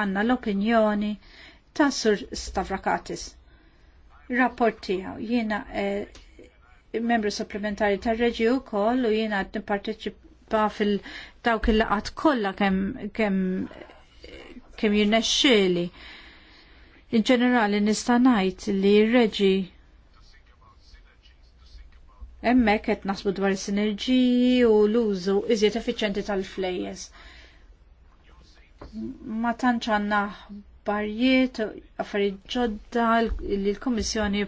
għanna l-opinjoni ta' Sur Stavrakatis. Rapport tiegħu jiena eh, membru supplementari tar-reġi wkoll u jiena qed fil dawk il-laqat kollha kemm kemm In ġenerali nista' ngħid li r-reġi Emmek qed nasbu dwar sinerġiji u l-użu iżjed effiċjenti tal-flejjes ma tantx għandna barjiet, affarijiet ġodda li l-Kummissjoni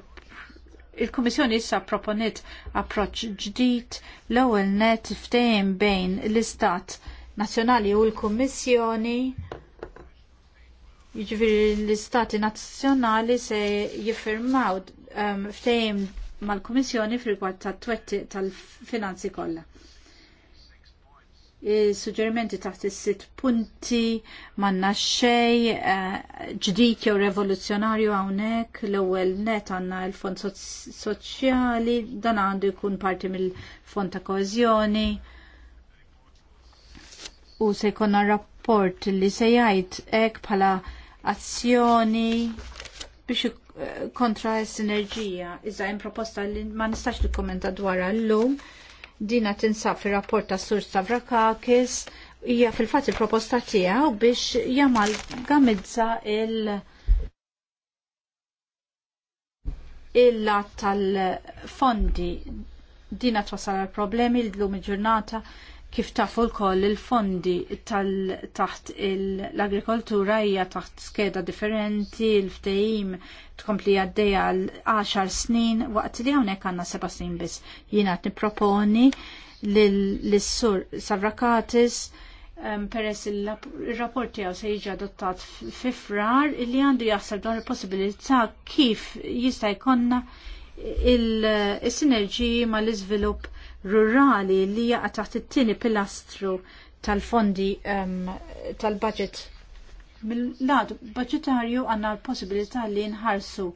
il-Kummissjoni issa proponiet approċċ ġdid l-ewwel net ftehim bejn l-Istat Nazzjonali u l-Kummissjoni jiġifieri l-Istati Nazzjonali se jiffirmaw um, ftehim mal-Kummissjoni fil-rigward tat-twetti tal-finanzi kollha suġġerimenti taħt is-sitt punti manna xej eh, ġdid jew revoluzzjonarju hawnhekk l-ewwel net għandna l-fond soċjali dan għandu jkun parti mill-fond ta' koeżjoni u se jkollna rapport li se jgħid hekk bħala azzjoni biex eh, kontra s-sinerġija, iżda hemm proposta li ma nistax li kommenta dwar l-lum, dina tinsab fir rapport ta' Sur Stavrakakis hija fil-fatt il-proposta tiegħu biex jamal gamizza il- il-lat tal-fondi dina twasal għal problemi l-lum il-ġurnata Kif tafu l-koll il-fondi taħt l-agrikoltura hija taħt skeda differenti, l-ftehim tkompli għaddeja għal 10 snin, waqt li hawnhekk għandna 7 snin biss. Jiena qed nipproponi lis-sur Savrakatis um, peress il-rapport tiegħu se jiġi adottat fifrar illi għandu jaħseb dwar il-possibilità kif jista' jkollna il-sinerġiji mal-iżvilupp rurali li jaqa taħt it-tieni pilastru tal-fondi um, tal-budget. Mill-lad budgetarju għanna l-possibilità li nħarsu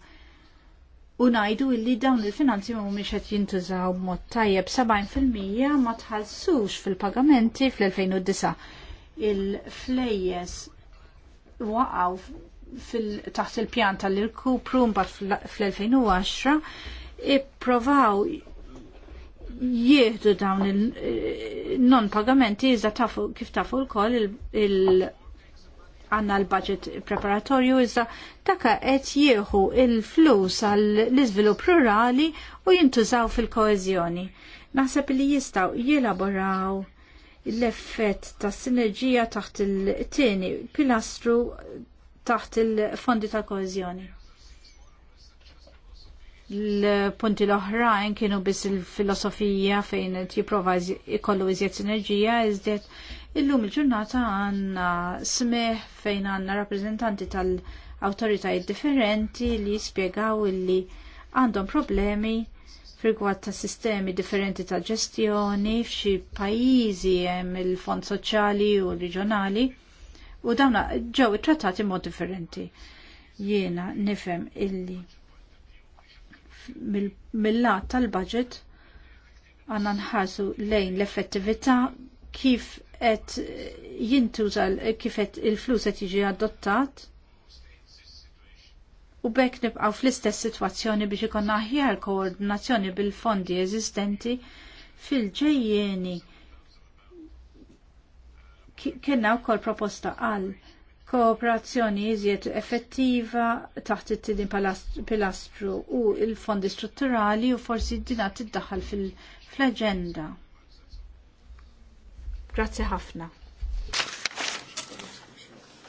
u najdu illi dawn il-finanzi ma mhumiex qed jintużaw b'mod tajjeb 70% ma tħallsux fil-pagamenti fl-2009. Il-flejjes waqgħu taħt il-pjan tal-irkupru mbagħad fl-2010 ipprovaw jieħdu dawn il-non eh, pagamenti iżda tafu kif tafu l-koll il- għanna l-budget preparatorju iżda taka qed jieħu il-flus għall-iżvilupp rurali u jintużaw fil koezjoni Naħseb li jistaw jilaboraw l-effett ta' sinerġija taħt il-tieni pilastru taħt il-fondi ta' koezjoni l-punti l-oħrajn kienu biss il-filosofija fejn jipprova ikollu iżjed sinerġija iżjed illum il-ġurnata għanna smeħ fejn għanna rappresentanti tal-autoritajiet differenti li jispiegaw illi għandhom problemi frigwat ta' sistemi differenti ta' ġestjoni f'xi pajjiżi hemm il-fond soċjali u reġjonali u dawna ġew it-trattati mod differenti. Jiena nifhem illi mill-lat tal-budget għanna nħarsu lejn l-effettività kif qed jintuża kif et il-flus et jiġi adottat u bekk nibqgħu fl-istess sitwazzjoni biex ikonna aħjar koordinazzjoni bil-fondi eżistenti fil-ġejjeni kienna wkoll proposta għal kooperazzjoni iżjed effettiva taħt it-tidin pilastru u il-fondi strutturali u forsi dina tiddaħħal fil-agenda. Grazie ħafna.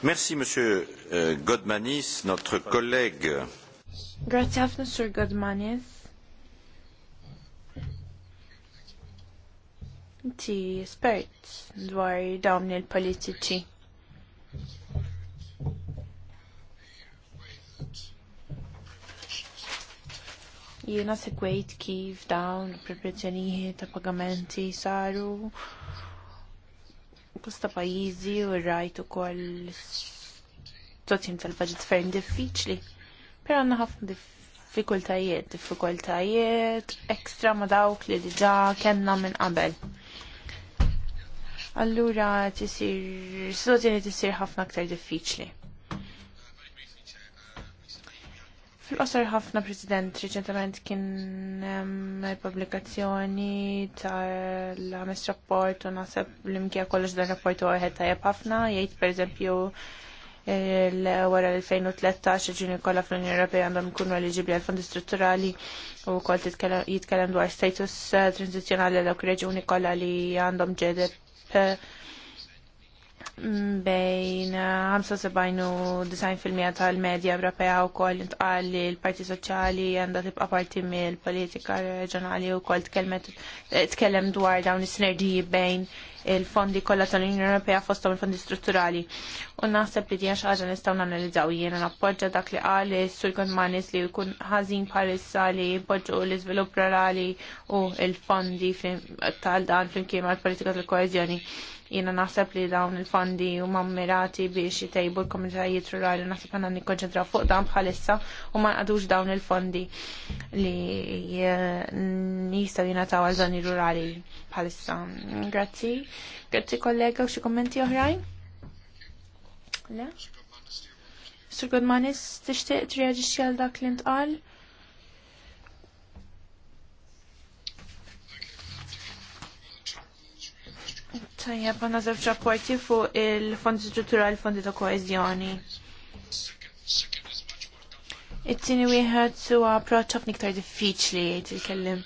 Merci, Monsieur euh, Godmanis, notre collègue. Grazie ħafna, Sir Godmanis. Ti espert dwar dawn il-politiċi. jiena segwejt kif dawn il-preparazzjonijiet ta' pagamenti saru bosta pajjiżi u rajt ukoll totim tal-budget ferm diffiċli. Però għandna ħafna diffikultajiet, diffikultajiet ekstra ma dawk li diġà kellna minn qabel. Allura tisir, situazzjoni tisir ħafna aktar diffiċli. Fil-qosor ħafna President reċentament kien hemm il publikazzjoni tal-ħames rapport u naħseb l-imkija kollox dan rapport u wieħed tajjeb ħafna jgħid pereżempju eżempju l-2013 ġuni kollha fl-Unjoni Ewropea għandhom kunu eligibli għal fondi strutturali u kol jitkellem dwar status eh, tranzizzjonali l-ok reġuni kollha li għandhom ġedeb bejn 75 eh, u 90% tal-medja Ewropea u koll intqal li l-Parti Soċjali għandha tibqa' parti mill-politika reġjonali u koll eh, tkellem dwar dawn is-sinerġiji bejn il-fondi kollha tal-Unjoni Ewropea fosthom il-fondi strutturali. U naħseb li dinja xi ħaġa nistgħu nanalizzaw jiena nappoġġa dak li qal is-Sur Manis li jkun ħażin bħalissa li jpoġġu l-iżvilupp rurali u l-fondi tal dan flimkien mal-politika tal-koeżjoni Jiena naħseb li dawn il-fondi huma mmirati biex jitejbu l-komunitajiet rurali naħseb għandna nikkonċentraw fuq dan bħalissa u ma nqadux dawn il-fondi li jistgħu e, jingħataw għal żoni rurali bħalissa. Grazzi. Grazzi kollega u xi kummenti oħrajn? Le? Sur Godmanis, tixtieq treaġixxi għal dak li ntqal? Tajja, għanna zewċ rapporti fuq il-fondi strutturali, fondi ta' koezjoni. It-tini wieħed suwa approċċ ħafna iktar diffiċli jgħid il-kellim.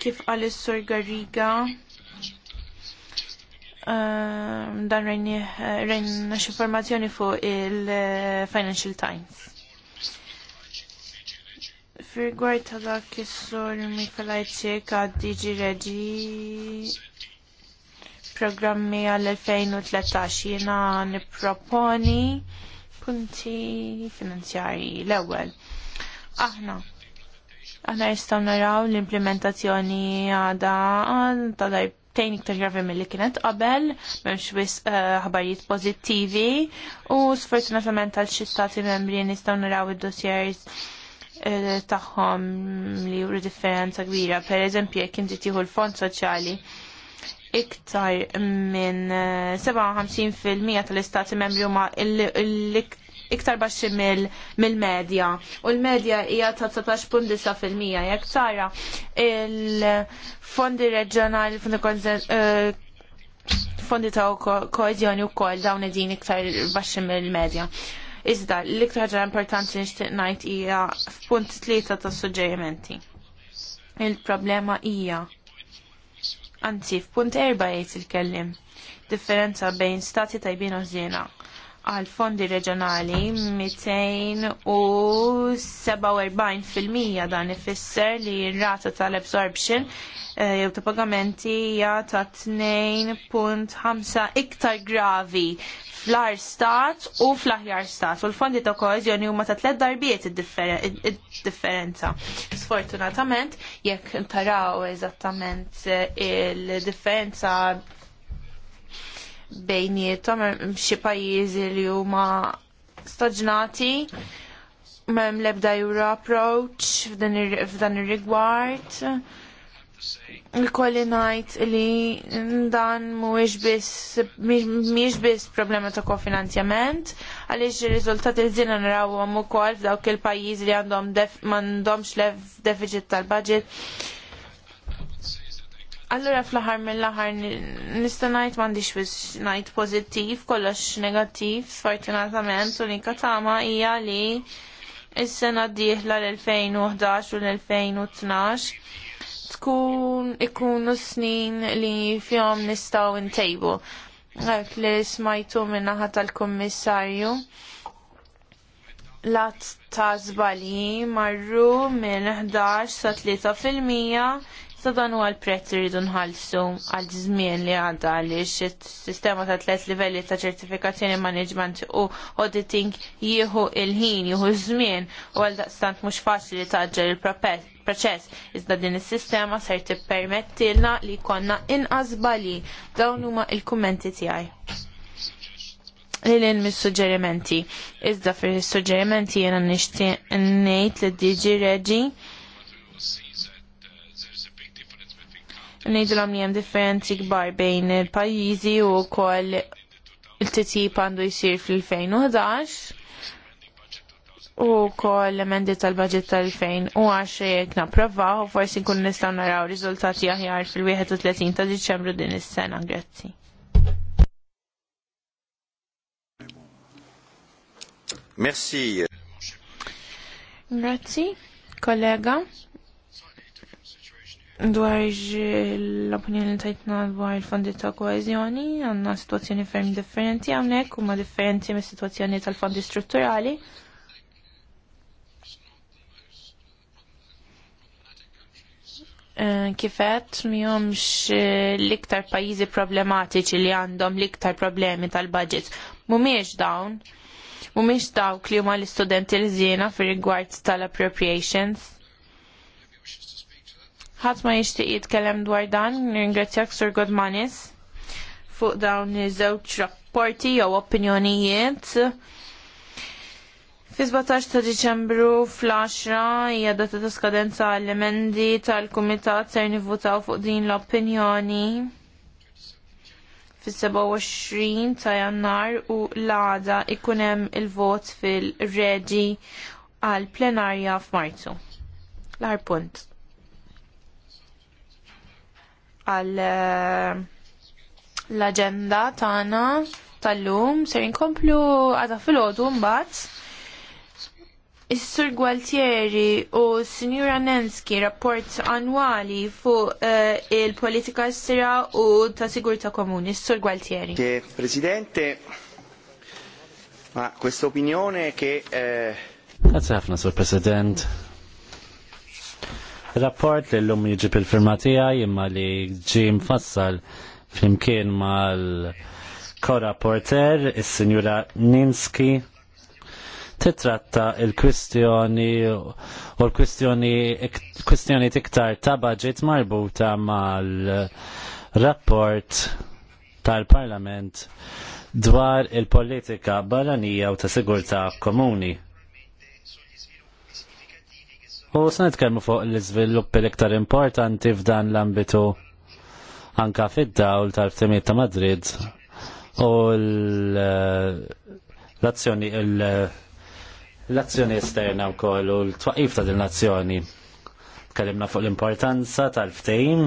Kif qal is-Sur Garriga, ehm, dan rejna x'informazzjoni informazzjoni fuq il-Financial Times. Fir-gwar tal-dak is-sur Mikolajċek għad Diġi Reġi programmi għal 2013 jena niproponi punti finanzjarji l-ewel. Aħna, aħna jistaw naraw l-implementazzjoni għada ta' tejn iktar grafi mill-li kienet qabel, memx wis eh, ħabarijiet pozittivi u sfortunatament għal xi stati membri nistgħu naraw id-dossiers eh, tagħhom li juru differenza kbira. Per eżempju, jekk inti tieħu l-fond soċjali iktar minn 57% eh, tal-istati membri huma iktar baxxi mill-medja. U l-medja hija ta' fil-mija, jekk tara il-fondi reġjonali, fondi eh, fondi ta' koezjoni wkoll dawn din iktar baxxi mill-medja. Iżda, l-iktar ħaġa importanti nixtieq ngħid hija f'punt tlieta tas suġġerimenti. Il-problema hija Anzi, f'punt erba' jgħid il-kellim differenza bejn stati tajbin u żjena għal fondi reġjonali 247% dan ifisser li r-rata tal-absorption eh, jew ta' pagamenti hija ta' 2.5 iktar gravi fl-ar stat u fl-aħjar stat. U l-fondi ta' koezjoni huma ta' tliet darbiet id-differenza. Sfortunatament, jekk taraw eżattament eh, il-differenza bejnietom xi pajjiżi li huma staġnati m'hemm l-ebda jura approach f'dan ir-rigward. il-kolli ngħid li dan mhuwiex biss biss problema ta' kofinanzjament, għaliex ir-riżultati li żiena narawhom ukoll f'dawk il-pajjiżi li għandhom m'għandhomx lef deficit tal-budget Allura fl-aħħar mill-aħħar nista' ngħid m'għandix biex ngħid pożittiv, kollox negattiv, sfortunatament u l-inka tama hija li is-sena d-dieħla l-2011 u l-2012 tkun ikunu snin li fjom nistaw intejbu. Għek li smajtu minnaħa tal-kommissarju lat ta' zbali marru minn 11 sa 3 fil-mija Sa dan huwa l-prezz irridu nħallsu għal żmien li għadda għaliex sistema ta' tliet livelli ta' ċertifikazzjoni management u auditing jieħu il-ħin, jieħu żmien u għal daqstant mhux faċli taġġel il-proċess iżda din is-sistema ser tippermettilna li jkollna inqas bali dawn huma il-kummenti tiegħi li l mis-suġġerimenti. Iżda fil-suġġerimenti jena nixtieq ngħid li diġi reġi ngħidilhom li hemm differenzi kbar bejn il-pajjiżi u kol il-titjib għandu jsir fil-2011 u kol emendi tal-budget tal-2010 jek napprova u forsi kun nistaw naraw riżultati aħjar fil-31 ta' Diċembru din is-sena, grazzi. Merci. Grazzi, kollega. Dwar l-opinjoni tajtna dwar il-fondi ta' koezjoni, għanna situazzjoni ferm differenti għamnek, u ma differenti mis situazzjoni tal-fondi strutturali. Eh, kifet, mi eh, l-iktar pajizi problematiċi li għandhom l-iktar problemi tal-budget. Mumiex dawn, mumiex dawk li huma l-istudenti l-żiena fir rigward tal-appropriations ħadd ma jixtieq jitkellem dwar dan, nirringrazzjak Sur Godmanis fuq dawn iż-żewġ rapporti jew opinjonijiet. Fi 17 ta' Diċembru fl-10 hija data ta' skadenza għall emendi tal-Kumitat ser nivvutaw fuq din l-opinjoni fis-27 ta' Jannar u l-għada ikun hemm il-vot fil-reġi għal plenarja f'Marzu. L-ħar punt għal eh, l-agenda tana tal-lum ser inkomplu għada fil-ħodu mbaħt. Is-Sur Gualtieri u Sinjura Nenski rapport annwali fuq uh, il-politika estera u ta' sigurta komuni. Is-Sur Gualtieri. Presidente, ma questa opinione che... Eh... Grazie Sur President Rapport li l-lum jiġi pil-firma tijaj imma li ġi mfassal flimkien mal korrapporter il-Sinjura Ninski titratta il-kwistjoni u l-kwistjoni kwistjoni tiktar ta' budget marbuta mal-rapport tal-Parlament dwar il-politika barranija u ta' sigurta komuni. U se nitkellmu fuq l-iżviluppi l-iktar importanti f'dan l-ambitu anka fid-dawl tal-ftimiet ta' Madrid u l-azzjoni l-azzjoni esterna wkoll u l-twaqif ta' din-nazzjoni. Tkellimna fuq l-importanza tal-ftehim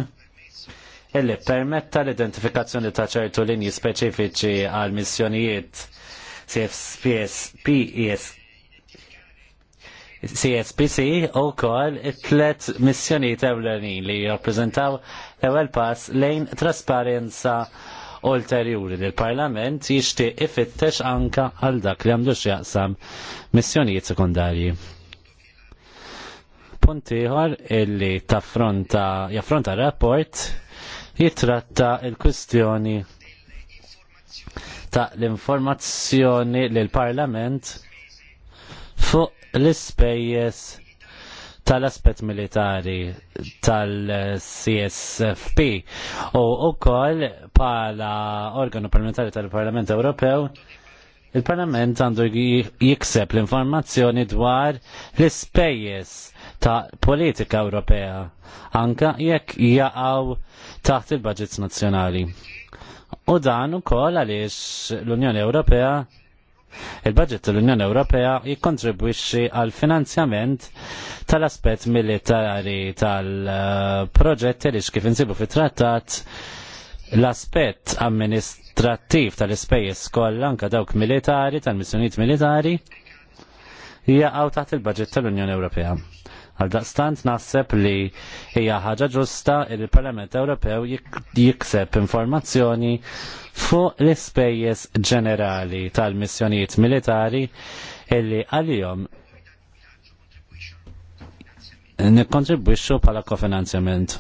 illi permetta l-identifikazzjoni ta' ċertu linji speċifiċi għal missjonijiet CFPS, PES, CSPC u kol tlet missjoni ewlenin li jirrappreżentaw l-ewwel pass lejn trasparenza ulterjuri li l-Parlament jixtieq ifittex anka għal dak li għamdu x'jaqsam missjonijiet sekundarji. Punt ieħor illi taffronta jaffronta rapport jitratta il-kwistjoni ta' l-informazzjoni li l-Parlament fuq l-ispejjeż tal-aspet militari tal-CSFP u wkoll bħala organu parlamentari tal-Parlament Ewropew il-Parlament għandu jikseb l-informazzjoni dwar l-ispejjeż ta' politika Ewropea anka jekk jaqgħu taħt il-budgets nazzjonali. U dan ukoll għaliex l-Unjoni Ewropea Il-budget tal-Unjoni Ewropea jikkontribwixxi għal finanzjament tal-aspett militari tal-proġett li kif insibu fit-trattat l-aspett amministrattiv tal-ispejjeż kollha anke dawk militari tal-missjonijiet militari jaqgħu taħt il-budget tal-Unjoni Ewropea. Għal daqstant naħseb li hija ħaġa ġusta il parlament Ewropew jikseb informazzjoni fuq l-ispejjeż ġenerali tal-missjonijiet militari illi għalihom nikkontribwixxu bħala kofinanzjament.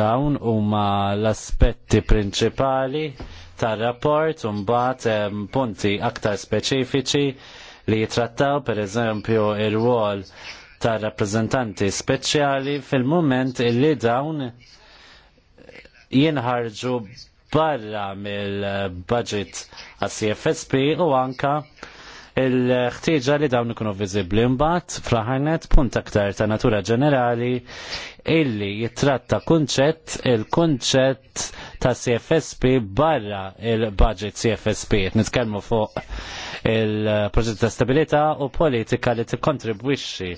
Dawn huma l-aspetti prinċipali tar-rapport u mbagħad punti aktar speċifiċi li jitrattaw pereżempju ir-rwol ta' rappreżentanti speċjali fil-moment illi dawn jinħarġu barra mill-budget għas CFSP u anka il-ħtieġa li dawn ikunu viżibbli mbagħad fl-ħajnet punt aktar ta' natura ġenerali illi jitratta kunċett il-kunċett ta' CFSP barra il-budget CFSP. Nitkellmu fuq il-proġett ta' stabilità u politika li tikkontribwixxi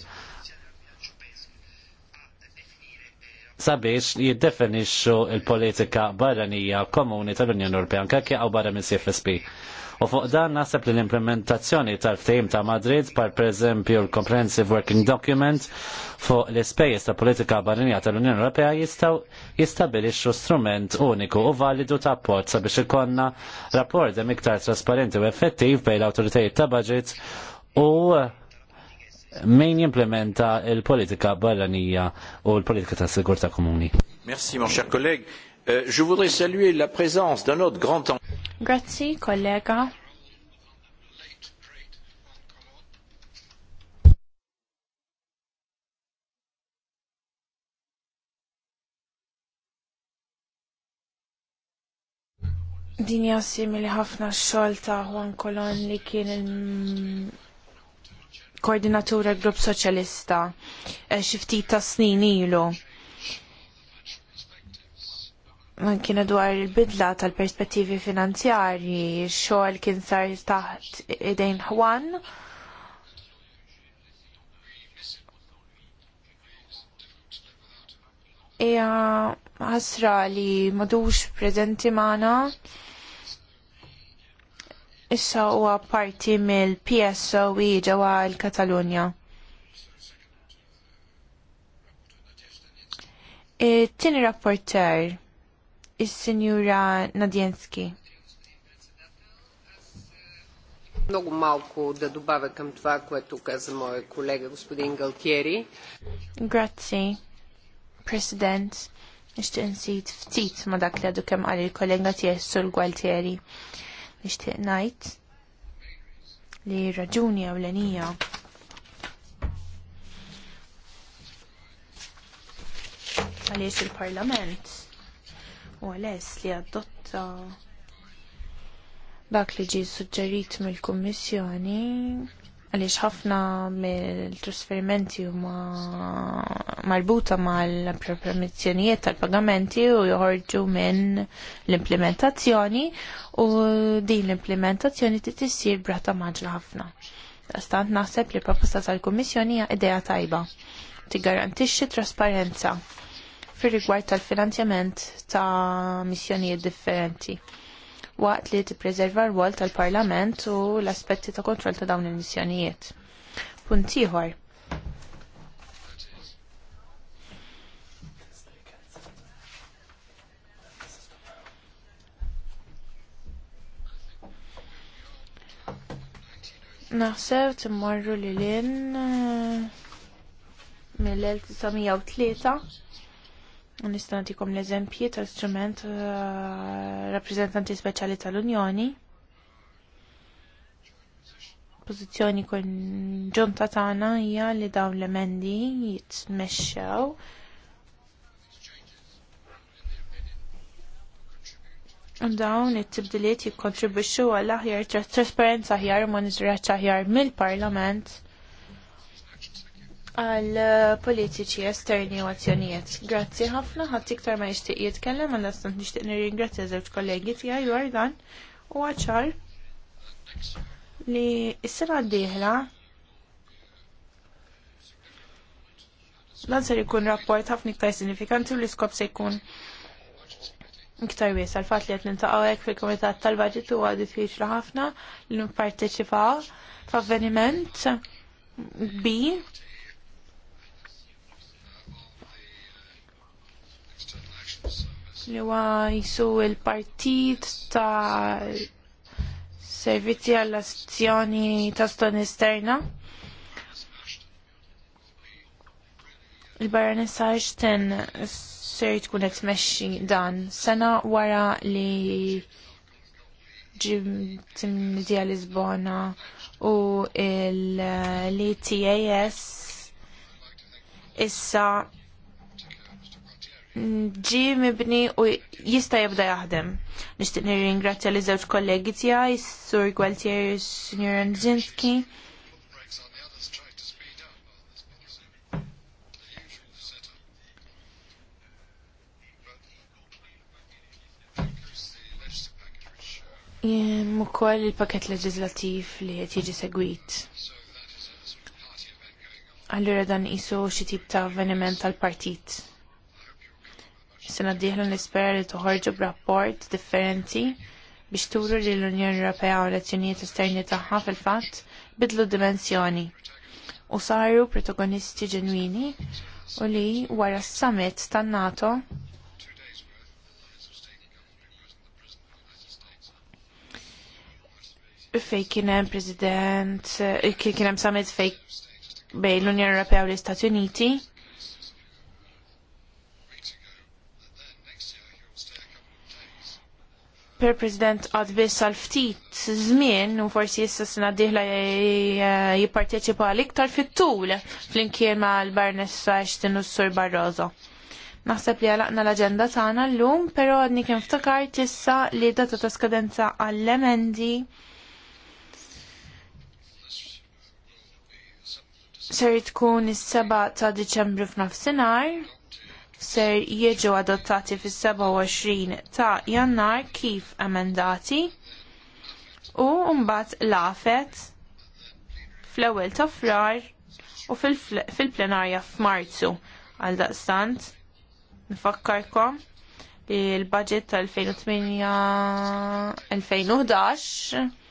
sabiex jiddefinixxu il-politika barranija komuni tal-Unjoni Ewropea anke jaqgħu barra minn CFSP. U fuq dan naħseb li l-implementazzjoni tal-ftehim ta' Madrid par pereżempju l-Comprehensive Working Document fuq l-ispejjeż ta' politika barranija tal-Unjoni Ewropea jistgħu jistabilixxu strument uniku u validu ta' appoġġ sabiex ikonna rapport iktar trasparenti u effettiv bejn l-awtoritajiet ta' budget u min jimplementa il-politika barranija u l-politika ta' sigurta komuni. Merci, mon cher collègue. Euh, je voudrais saluer la présence d'un autre grand temps. Grazie, collega. Dinja simili ħafna xolta Juan Kolon li kien il koordinatura grupp soċjalista eh, xifti ta' snin ilu. Man kien dwar il-bidla tal-perspettivi finanzjarji, xogħol kien sar taħt idejn ħwan. Ija ħasra li madux prezenti maħna issa huwa parti mill pso e ġewwa l-Katalunja. Tini rapporter, is-Sinjura Nadjenski. Много малко да добавя към това, което каза моя колега господин Галтиери. Граци, президент, nishtiq nsit ftit ma dak li għadu kemm għal il-kollega tiegħi sur nixtieq ngħid li raġuni ewlenija għaliex il-Parlament u għaliex li adotta dak li ġie suġġerit mill-Kummissjoni għaliex ħafna mill-trasferimenti huma marbuta mal-programmazzjonijiet tal-pagamenti u joħorġu minn l-implementazzjoni u din l-implementazzjoni titissir brata maġla ħafna. Stant naħseb li proposta tal-Kummissjoni hija idea tajba. Tigarantixxi trasparenza fir rigward tal-finanzjament ta' missjonijiet differenti waqt li tippreserva r-wol tal-Parlament u l-aspetti ta' kontroll ta' dawn il-missjonijiet. Punt ieħor. Naħseb timmorru li l-in mill-1903 Nista' nagħtikom l-eżempji tal-strument eh, rappresentanti speċali tal-Unjoni. Pozizjoni kon ġunta tagħna hija li dawn l-emendi jitmexxew dawn it-tibdiliet jikkontribwixxu għal aħjar trasparenza aħjar monitoraġġ aħjar mill-Parlament għal eh, politiċi esterni u azzjonijiet. Grazzi ħafna, ħadd iktar ma jixtieq jitkellem għal stant nixtieq nirringrazzja żewġ kollegi tiegħi dwar dan u għaċar li s-sena d-dieħla dan ser ikun rapport ħafna iktar sinifikanti u li skop se jkun iktar wies għal-fat li qed nintaqgħu hekk fil-Kumitat tal-Baġit u għadu diffiċli ħafna li nipparteċipaw f'avveniment B li huwa jisu l partit ta' servizzi għall-azzjoni ta' ston esterna. Il-Baronessa Ashton ser tkun qed tmexxi dan sena wara li ġimtija Lisbona u l tas issa ġi mibni u jista jibda jaħdem. Nishtiq nirringrazzja li żewġ kollegi tiegħi, Sur Gualtier, Sr. Nzinski. Jem u koll il-paket leġislativ li qed jieġi segwit. Allura dan jisu xi tip ta' avveniment tal-partit. Sena diħlu nispera li toħorġu b'rapport differenti biex turu li l-Unjoni Ewropea u l-azzjonijiet esterni tagħha fil-fatt bidlu dimensjoni u saru protagonisti ġenwini u li wara s-summit tan-NATO fej kienem president, eh, kienem summit fej bej l-Unjoni Ewropea u l-Istati Uniti per President għad biss għal ftit żmien u forsi issa sena diħla jipparteċipa għal iktar fit-tul fl inkjer ma' l-Barnessa Ashton u s-Sur Barroso. Naħseb li għalaqna l-agenda tagħna llum, però għadni kien ftakar issa li data ta' skadenza għall-emendi ser tkun is-7 ta' Diċembru f'nofsinhar ser jieġu adottati fis-27 ta' jannar kif emendati u mbagħad lafet fl-ewwel ta' frar u fil-plenarja f'Marzu għal daqstant nfakkarkom li l-budget tal-2008-2011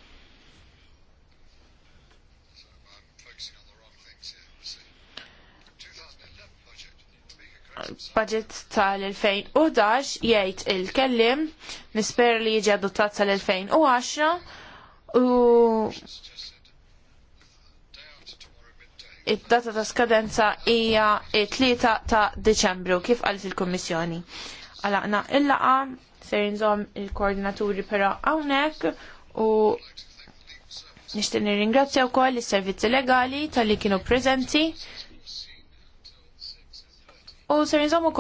budget tal-2011 jgħid il-kellim nisper li jiġi adottat tal-2010 u id-data ta' skadenza hija t 3 ta' Deċembru kif qalet il-Kummissjoni. Għalaqna il-laqa ser nżomm il-koordinaturi però hawnhekk u nixtieq nirringrazzja wkoll is-servizzi legali tal-li kienu preżenti u ser nżommu koll